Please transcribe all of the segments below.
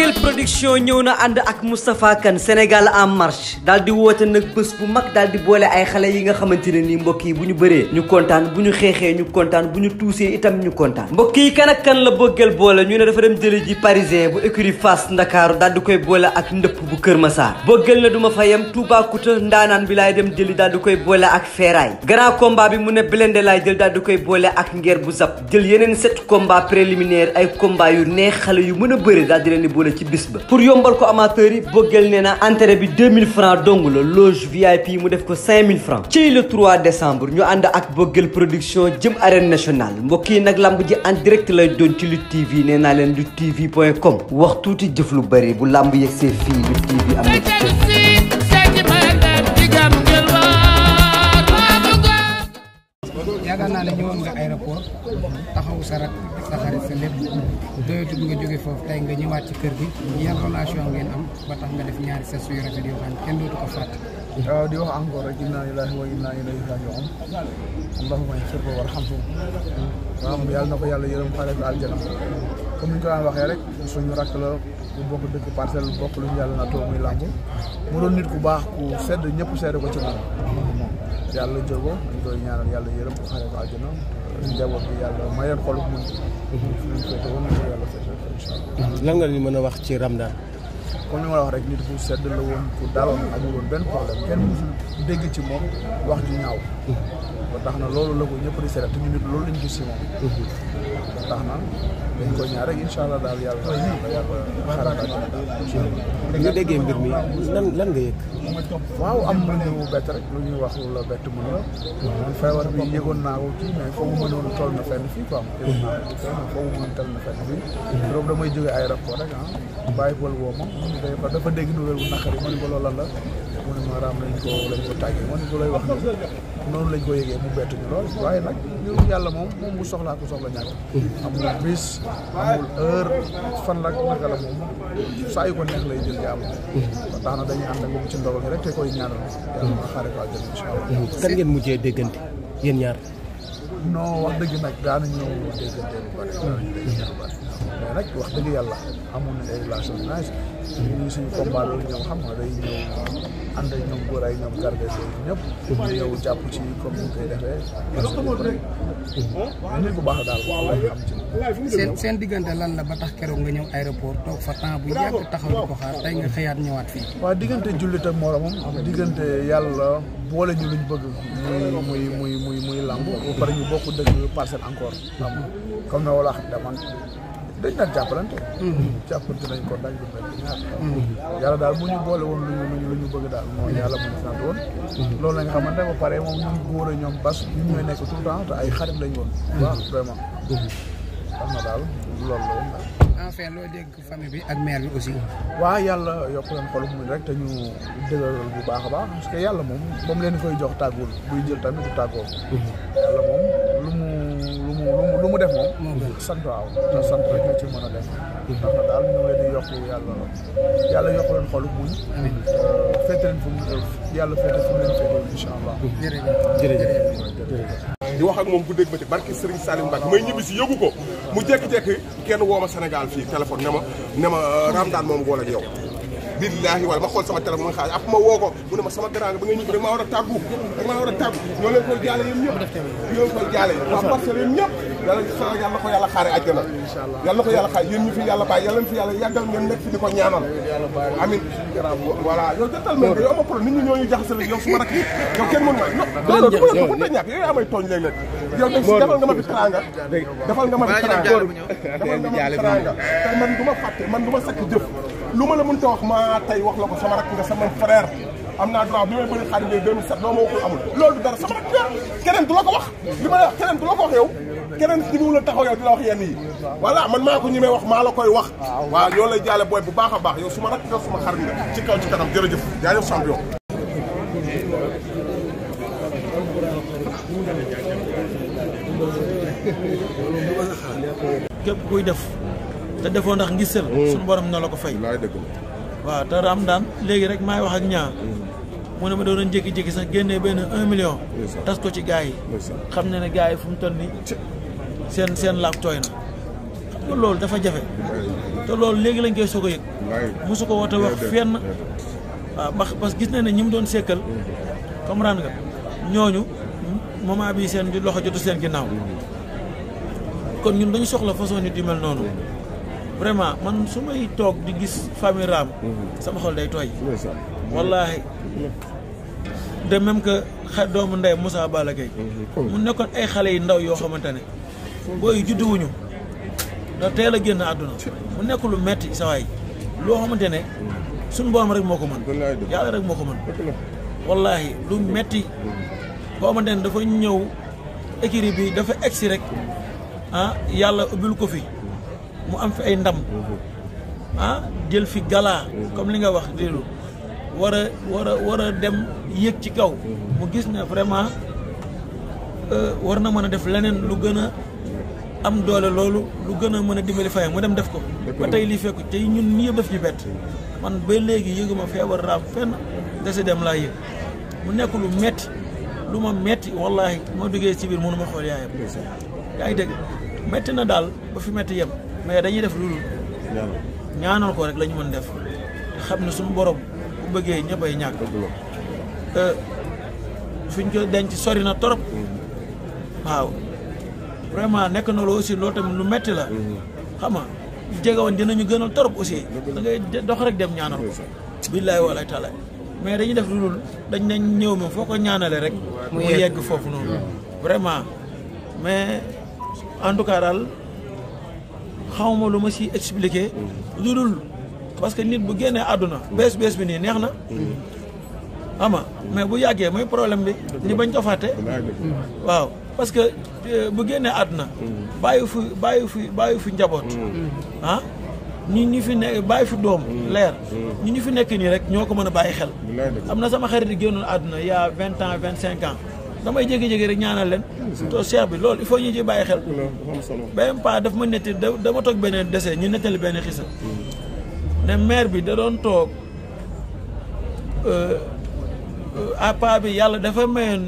Koungheul production ñëw na ànd ak Moustapha Kane Sénégal en marche daal di woote nag bés bu mag daal di boole ay xale yi nga xamante ne nii mbokk yi bu ñu bëree ñu kontaan bu ñu xeexee ñu kontaan bu ñu tuusee itam ñu kontaan mbokk yi kan ak kan la bëggeel boole ñu ne dafa dem jële ji parisien bu écurie Fass Ndakaaru daal di koy boole ak ndëpp bu Kër Massar bëggeel na duma fa yem Toubacouta ndaanaan bi laay dem jëli daal di koy boole ak Feeraay grand combat bi mu ne Blindé laay jël daal di koy boole ak Nguer bu Zap jël yeneen sept combat préliminaire ay combat yu neex xale yu mën a bëri daal di leen boole la ci bis pour yombal ko amateurs yi Boguel nee na entrée bi 2000 francs dong la loge VIP mu def ko 5000 francs ci le 3 decembre ñu ànd ak Boguel production jëm arène nationale mbokk yi nag lamb ji en direct lay doon ci Lutte TV nee naa leen luttetv point com wax tuuti jëf lu bëri bu lamb yegsee fii Lutte TV am na yaakaar naa ne ñëwoon nga aéroport taxaw sa rak sa xarit sa lépp doyatul nga jóge foofu tey nga ñëwaat ci kër gi yan relation am ba tax nga def ñaari sa suy rafet yoo xam kenn dootu ko fàtte waaw di wax encore rek inna lillahi wa inna ilayhi yàlla na ko yàlla yërëm xale ko aljana comme ni ñu ko daan waxee rek suñu rakk la bu bokk dëkk parcelle bokk lu yàlla na toog muy làmb mu doon nit ku baax ku sedd ñëpp sedd ko ci moom yàlla jël ko ñu koy ñaanal yàlla yërëm ko xare ko àjjana njaboot bi yàlla may leen xolu yàlla féete incha allah lan nga ñu mën a wax ci Ramdan kon ni ma wax rek nit ku sedd la woon ku daloon amul woon benn problème kenn dégg ci moom wax ju ñaaw ba tax na loolu la ko ñëpp di seet te ñu nit loolu lañ gis ci moom ba tax na dañ ko ñaar rek incha allah daal yàlla yàlla xaaral ak ñu déggee mbir mi lan lan nga yëg. waaw am na lu bett rek ñuy wax lu la bett mu ne la. feebar bi yëgoon naa ma noonu toll na fenn fii quoi. Mhm. yëgoon naa ko fii foofu ma noonu toll na fenn fii. loolu damay jógee aéroport rek ah. woo ma. ba dafa dégg nouvelle bu naqari ma ne ko la. mu ne ma raam lañ ko lañ ko tàggee ma ne ko lay wax nii noonu lañ ko yëgee mu bett ñu lool waaye nag ñun yàlla moom moom bu soxlaa ko soxla ñàkk. Mhm. amul bis amul heure fan la naka la moom saa yu ko neex lay jël jaamu. ba tax na dañuy ànd ak moom ci ndogal gi rek te koy ñaanal. yàlla na xaaree ko àjjana incha allah. kan ngeen mujjee déggante yéen ñaar. non wax dëgg nag daan nañu déggante bu bëri. nag wax dëgg yàlla amoon nañ ay relation nice ñu suñu combat loolu ñoom xam na day ñëw ànd ak ñoom góor ay ñoom garde loolu ñëpp ñu ñëw jàpp ci comme ni koy defee parce bu baax daal wala am seen seen diggante lan la ba tax keroog nga ñëw aéroport toog fa temps bu yàgg taxaw di ko xaar tey nga xëyaat ñëwaat fii waaw diggante jullit ak moromam diggante yàlla boole ñu luñ bëgg muy muy muy muy muy làmb ba pare ñu bokk dëgg parcelle encore làmb comme na wala xam ne dañ daan jàppalante. jàppante nañ ko daañu ko benn ñaar. yàlla daal bu ñu boole woon lu ñu lu ñu bëgg daal mooy yàlla loolu la nga xamante ne ba pare moom ñun góor a ñoom bas ñun ñooy nekk tout le temps te ay xarit lañ woon. waaw vraiment. xam na daal loolu la famille bi ak mère bi aussi. waaw yàlla yokk leen xolu muñ rek te ñu dëgëral bu baax a baax parce que yàlla moom moom leen koy jox tàggul buy jël tamit du tàggoo. yàlla moom. sant waaw ndax sant rek nga ci mën a def ndax daal ñu ngi yàlla yàlla yokk leen xolu muñ euh, féete leen fu mu yàlla féete fu mu leen féete incha allah jërëjëf di wax ak moom guddeeg bëccëg barki Serigne Salim Mbacke may ñibbi si yëgu ko mu jékki-jékki kenn woo senegal fii téléphone ne ma ne daan euh, Ramadane moom boole ak yow billaahi wala ma xool sama téléphone ma xaar ak ma woo ko mu ne ma sama grand ba nga ñibbi rek maa war a tàggu rek maa war a tàggu ñoo leen koy jaale yéen ñëpp ñoo leen koy jaale waa parcelle yéen ñëpp yàlla sa yàlla ko yàlla xaare àjjana yàlla ko yàlla xaar yéen ñu fi yàlla bàyyi yàlla fi yàlla yàggal ngeen nekk fi di ko ñaanal amin voilà yow jantal mel yow ama problème nit ñi ñooñu jaxase la yow su ma rak yow kenn mënu ma non loolu mënta ñàkk yow yaa may tooñ léeg-léeg yow defal nga ma fi teraanga defal nga ma fi teraanga defal nga ma fi teraanga man du ma fàtte man du ma sakk jëf lu ma la mënta wax ma tey wax la ko sama rakk nga sama frère am naa droit bi may bëri xaalis bi 2007 loo ma waxul amul loolu du dara sama rakk nga keneen du la ko wax li ma la keneen du la ko wax yow keneen si mu la taxaw yow di la man maa ko ñi may wax maa la koy wax waaw yow lay jaale booy bu baax a baax yow su ma rakk nga suma xarit nga ci kaw ci kanam jërëjëf jaajëf champion képp kuy def te defoo ndax ngisal mm. suñu borom na la ko fay waaw te am daan léegi rek maay wax ak ñaar mm. mu ne ma doon jékki-jékki sax génnee benn un million tas ko ci gaa yi xam ne ne gaa yi fu mu toll ni seen seen laab tooy na xam loolu dafa jafe te loolu léegi lañ koy soog a yëg su ko woote wax fenn waaw ba parce gis na ne ñu mu doon sekkal mm-hmm. comprendre nga ñooñu mm, moment bi seen loxo jotu seen ginnaaw mm-hmm. kon ñun dañu soxla façon nit yu mel noonu mm-hmm. vraiment man su may toog di gis famille Ram. Mhm. sama xol day tooy. wallaahi. de même que xa doomu ndey Moussa Balla Gaye mhm, mu nekkoon ay xale yu ndaw yoo xamante ne. booy judduwuñu da teel a génn àdduna. mu nekk lu metti sa loo xamante ne. suñu borom rek moo ko mën. yàlla rek moo ko mën. wallaahi lu mhm. metti boo xamante ne dafa ñëw écurie bi dafa egsi rek ah yàlla ubbil ko fi. mu am fi ay ndam ah jël fi galaa comme li nga wax déedéet war a war a war a dem yéeg ci kaw mu gis ne vraiment euh, war na mën a def leneen lu gën a am doole loolu lu gën a mën a dimbali fayam mu dem def ko ba tey lii fekku tey ñun ni yëpp def ñu bett man ba léegi yëguma feebar raam fenn dese dem laa yëg mu nekk lu metti lu ma metti wallaahi ma duggee ci biir mënu ma xool yaayam yaa ngi metti na daal ba fi metti yem mais dañuy def loolu ñaanal ko rek la ñu mën def xam ne suñu borom bu bëggee ñëppay ñàkk ñu ko denc sori na torop mm-hmm. waaw vraiment nekk na loo aussi loo tamit lu metti la mm-hmm. xam nga jege woon dinañu gënal torop aussi da ngay dox rek dem ñaanal ko billaahi walaay taala mais dañuy def lu dul dañ nañ ñëw moom foo ko ñaanale rek mu yegg foofu noonu mm-hmm. vraiment mais en tout cas daal xaw ma lu ma ci expliqué. lu dul parce que nit bu génnee àdduna bees bees bi nii neex na. ama mais bu yàggee mooy problème bi. ni bañ ko waaw parce que euh, bu génnee àdduna. bàyyi fu bàyyi fi bàyyi fu njaboot. ah ñi ñu fi ne bàyyi fu doom. leer ñi ñu fi nekk nii rek ñoo ko mën a bàyyi xel. am na sama xarit yi génnul àdduna il y a vingt ans vingt cinq ans. damay jékki-jékki rek ñaanal leen to cheikh bi loolu il faut ñu ci bàyyi xel benn pas dafa ma netti dama toog benn dese ñu nettali benn xisa ne maire bi da doon toog euh, euh, à pas bi yàlla dafa mayoon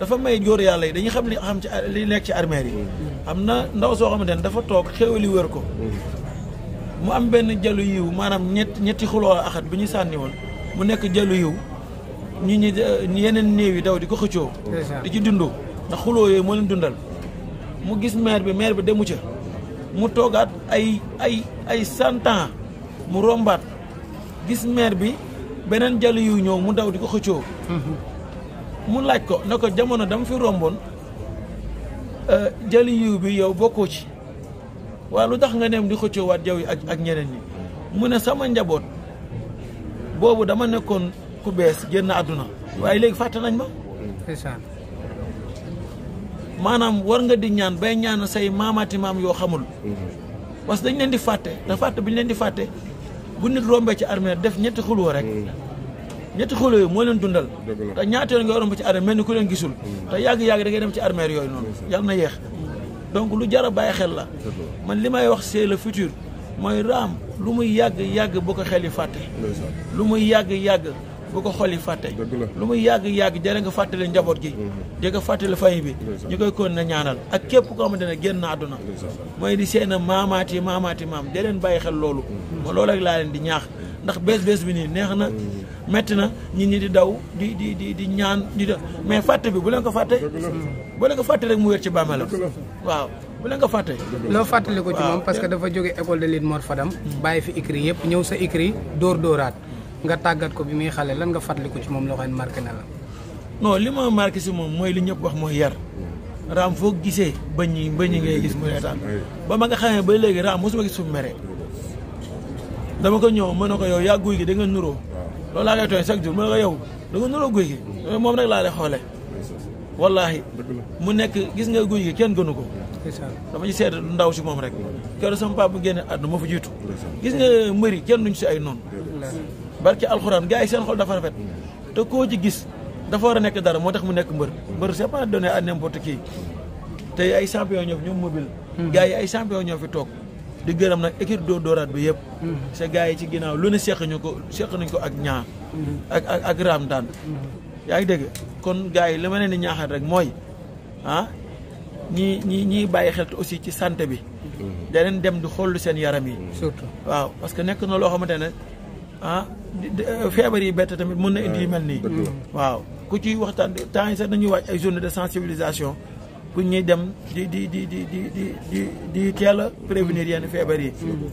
dafa may jóor yàlla yi dañuy xam li xam ci li nekk ci armère yi am na ndaw soo xamante ne dafa toog xéwali wér ko mu am benn jalu yiw maanaam ñett ñetti xuloo axat bi ñu sànni woon mu nekk jalu yiw ñu ñi eh, yeneen néew yi daw di ko xëccoo di ci dundoo ndax xuloo yooyu moo leen dundal mu gis maire bi maire bi demu ca mu toogaat ay ay ay cent mu rombaat gis maire bi beneen jàll yu ñëw mu daw di ko xëccoo mhm. mu laaj ko ne ko jamono dama fi romboon eh, jàll yu bi yow bokkoo ci waaw lu tax nga neem di xëccoowaat jaw yi ak ak ñeneen yi mu ne sama njaboot boobu dama nekkoon ku bees génn àdduna waaye léegi fàtte nañ ma maanaam war nga di ñaan bay ñaan say maamaati maam yoo xamul mm-hmm. parce que dañ leen di fàtte te fàtte bi ñu leen di fàtte bu nit rombee ci armeel def ñetti xuloo rek mm-hmm. ñetti xuloo yi moo leen dundal te ñaata yoon nga romb ci armée mel ni ku leen gisul mm-hmm. te yàgg-yàgg da ngay dem ci armée yooyu noonu yàlla na yéex donc lu jar a bàyyi xel la man li may wax c'est le futur mooy raam lu muy yàgg yàgg bu ko xel yi fàtte lu muy yàgg yàgg bu ko xol yi fàtte lu muy yàgg-yàgg jërë nga fàttali njaboot gi mm-hmm. di ko bi ñu koy na ñaanal ak képp ko ne génn na àdduna mooy di seen maamaati maamaati maam leen bàyyi xel loolu ma mm-hmm. loolu rek laa ñaax ndax bees bees bi nii neex na mm-hmm. metti na nit ñi di daw di di di ñaan di def mais fàtte bi bu leen ko fàtte bu leen ko fàtte rek mu wér ci bàmmeelam waaw bu leen ko fàtte loo fàttali ko parce que dafa jóge école de lit Mor Fadam bàyyi fi écrit yëpp ñëw sa écrit dóor dóoraat nga tàggat ko bi muy xale lan nga ko ci moom loo xam ne marqué na la. non li ma marqué si moom mooy li ñëpp wax mooy yar. raam foo gisee bëñ yi bëñ yi ngay gis muy reetaan ba ma nga xamee ba léegi raam mosuma gis fu mu mere dama ko ñëw mën na ko yow yaa guy gi da nga nuroo loolu laa koy tooy chaque jour yow da nga nuroo guy moom rek laa lay xoolee wallaahi mu nekk gis nga guy gi kenn gënu ko dama ci seet ndaw si moom rek keroog sama papa bu génne àdduna moo fa jiitu gis nga mëri kenn duñ si ay noonu barke alxuraan gars yi seen xol dafa rafet te koo ci gis dafa war a nekk dara moo tax mu nekk mbër mbër c'est pas donné à n'importe qui tey ay champion ñoo fi ñoom mobile hmm. gars yi ay champion ñoo fi toog di gërëm nag équipe dóor dóoraat bi yëpp hmm. sa gars yi ci ginnaaw lu ne seq ñu ko seq nañ ko ak ñaa hmm. ak ak ak raam daan yaa ngi dégg kon gars yi li ma leen di ñaaxal rek mooy ah ñi ñi ñiy bàyyi xel aussi ci sant bi daneen dem di xool seen yaram yi surtout waaw parce que nekk na loo xamante ne ah, Eh, feebar yi bett tamit mën na indi yu mel nii. Mm. waaw ku ciy waxtaan temps yi sax dañuy waaj ay journée de sensibilisation pour ñuy dem di di di di di di teel a prévenir yenn feebar yi.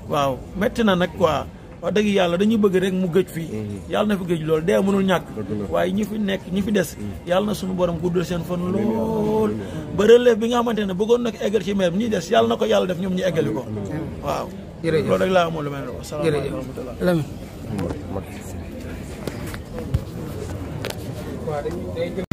waaw métti na nag quoi. wax dëgg yàlla dañu bëgg rek mu gëj fii mm. yàlla na fi gëj loolu dee mënul ñàkk waaye ñi fi nekk ñi fi des mm. yàlla na suñu borom guddal seen fan lool ba relève bi nga xamante ne bëggoon na ko eggal ci maire bi ñuy des yàlla na ko yàlla def ñoom ñu eggali ko waaw loolu rek laa waaw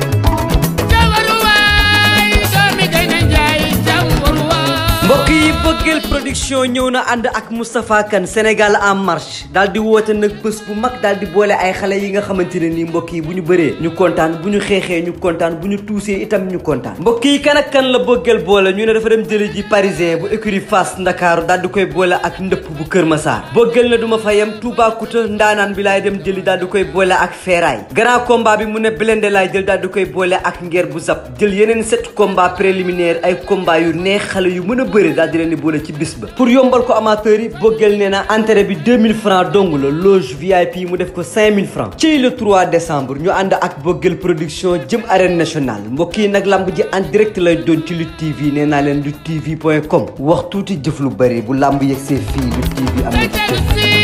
mbokk yi Bakel production ñëw na ànd ak Moustapha kan Sénégal en marche daal di woote nag bés bu mag daal di boole ay xale yi nga xamante ne nii mbokk yi bu ñu bëree ñu kontaan bu ñu xeexee ñu kontaan bu ñu tuusee itam ñu kontaan mbokk yi kan ak kan la Bakel boole ñu ne dafa dem jële ji parisien bu écurie Fass Ndakaaru daal di koy boole ak ndëpp bu Kër Massar Bakel na duma fa yem Toubacouta ndaanaan bi laay dem jëli daal di koy boole ak Feeraay grand combat bi mu ne Blindé laay jël daal di koy boole ak bu Zap jël yeneen sept combat préliminaire ay combat yu neex xale yu mën bëri daal di leen boole ci bis ba pour yombal ko amateurs yi Boguel nee na entrée bi 2000 francs dong la loge VIP mu def ko 5000 francs ci le 3 décembre ñu ànd ak Boguel production jëm arène nationale mbokk yi nag lamb ji en direct lay doon ci Lutte TV nee naa leen luttetv point com wax tuuti jëf lu bëri bu lamb yegsee fii Lutte TV am